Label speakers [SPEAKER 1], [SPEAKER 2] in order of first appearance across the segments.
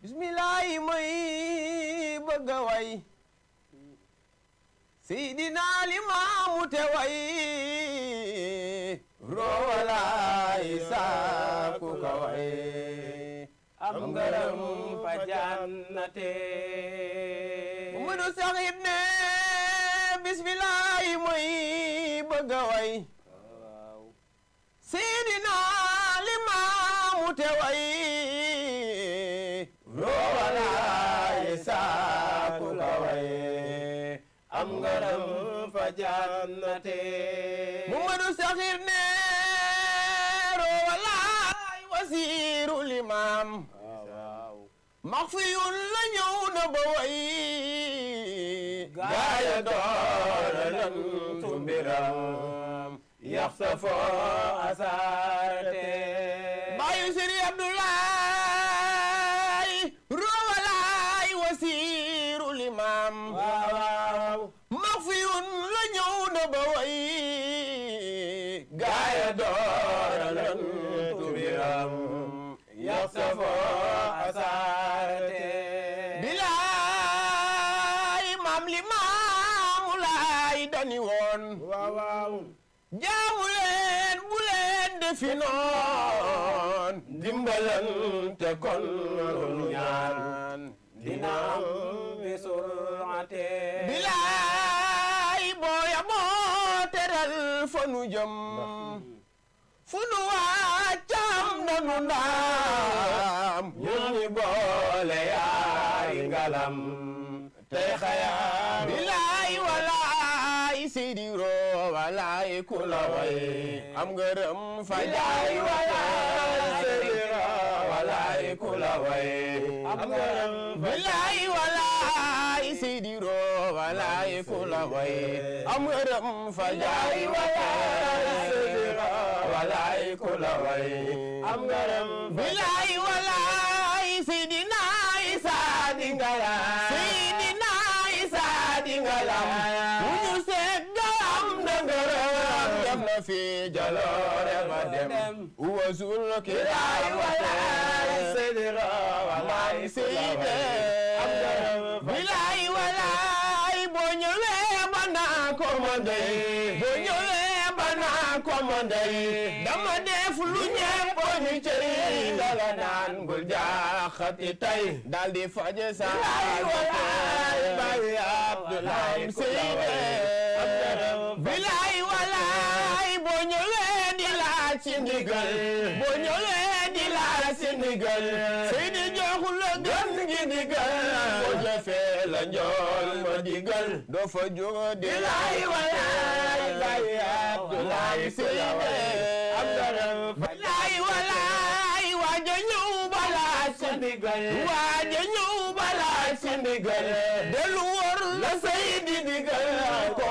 [SPEAKER 1] bismillaahi may bëgga way seydina limaamu te way roowalaay saaku ka way am ngërëm fa jannate mënu saxit ne bismillaahi may bëgga way seydina limaamu te way jannati Muhammadu Saxir ne roolaay wasiiru limaam maxfiyun la ñëw na ba way gaaya doora lan tumbiram yaxsafo asaarate baayu siri Abdoulaay roolaay wasiiru limaam maam li maamu laay dani woon waaw waaw jaamu leen bu leen defi noon dimbalante kon lu ñaan dina am bi surate bilaay booya boo teral fa nu jëm fu nu waa caam danu ndaam ñu ni boole yaay ngalam tey xayaa bilaay walaay sidiro walaay kula way am ngërëm fajaay walaay sidiro walaay kula am ngërëm bilaay walaay sidiro walaay kula way am ngërëm fajaay walaay sidiro walaay kula way am ngërëm bilaay fi jaloore ma dem wasul kilaay walaay sidira walaay sidira bilaay walaay boo ñëwee ba naa ko ma dey boo ñëwee ba naa ko ma dey dama def lu ñëpp ñu cëy dala naan bul jaaxati tey dal di faje saa bilaay walaay bàyyi Abdoulaye sidira bilaay boo ñëwee di laaj si ndigal boo ñëwee di laaj si ndigal sëy di joxu la gën gi ndigal boo jëfee la njool ma digal doo fa jóo di laaj walaay laay Abdoulaye sëy de am garam laay walaay waaja ñëw ba laaj si ndigal waaja ñëw ba laaj si ndigal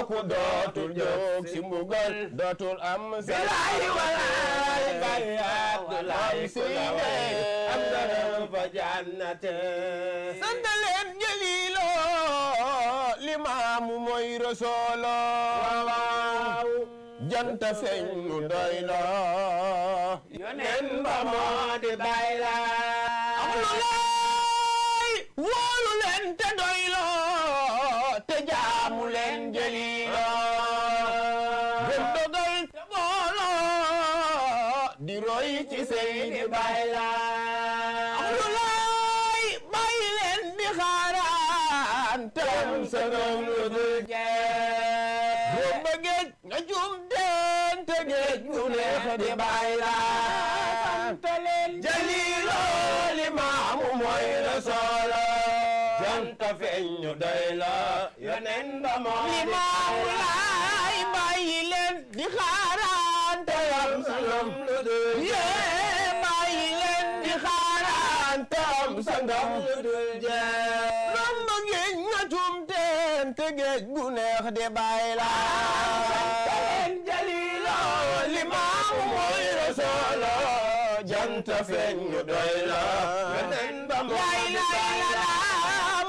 [SPEAKER 1] kooku dootul jóg si mbugal dootul am bilaay walaay bay Abdoulaye Sylla am na fa jannate sant leen jëlilo limaamu mooy rosoolo waaw janta feeñ nu doy la yonen ba moo di di roy ci Seydi Baay Laay bàyyi leen di xaaraan tam sa doom lu dul jeex bu bëggee nga juum teen te géej bu neex di Baay Laay santaleen jaliilo li maamu mooy rasoolo janta feeñ ñu doy la yonen ba moo di Baay Laay bàyyi leen di xaar géej bu neex de bàyyi la leen jalilo limaamu mooy rasoolo jant feeñ doy la beneen ba mu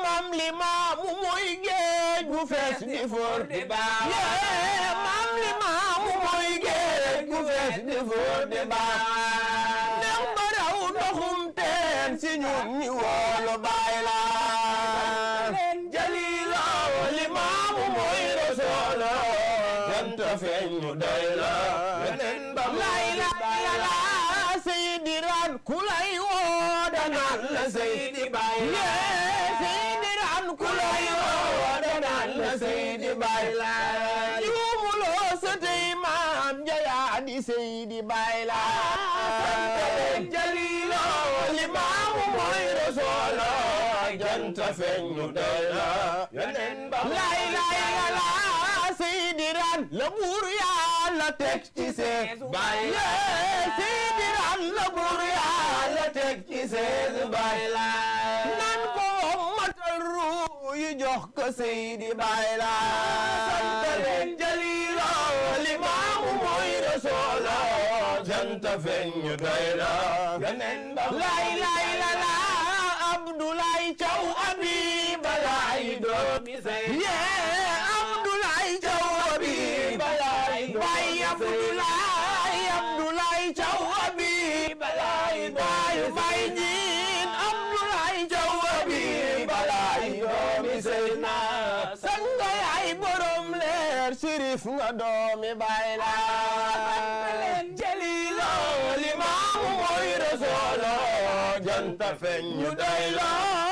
[SPEAKER 1] mam limaamu mooy géej bu fees di for di baax des di fóot di baax dem ba raw ndoxum teen si ñun ñi woolu baay laa jalila wali maamu mooy rasoola jant feeñ ñu doy la beneen ba lay la la seydi ran ku lay woo danaan la seydi baay laa seydi baay la santa la yonen ba lay la te feeñ ñu doy na yeneen ba lay lay la la Abdoulaye Thiaw abi balaay doomi say yee Abdoulaye Thiaw abi balaay bay Abdoulaye Abdoulaye Thiaw abi balaay bay bay jiin Abdoulaye Thiaw abi balaay doomi say na sanga yaay borom leer sirif nga doomi bay laa solo jant feeñ ñu doy la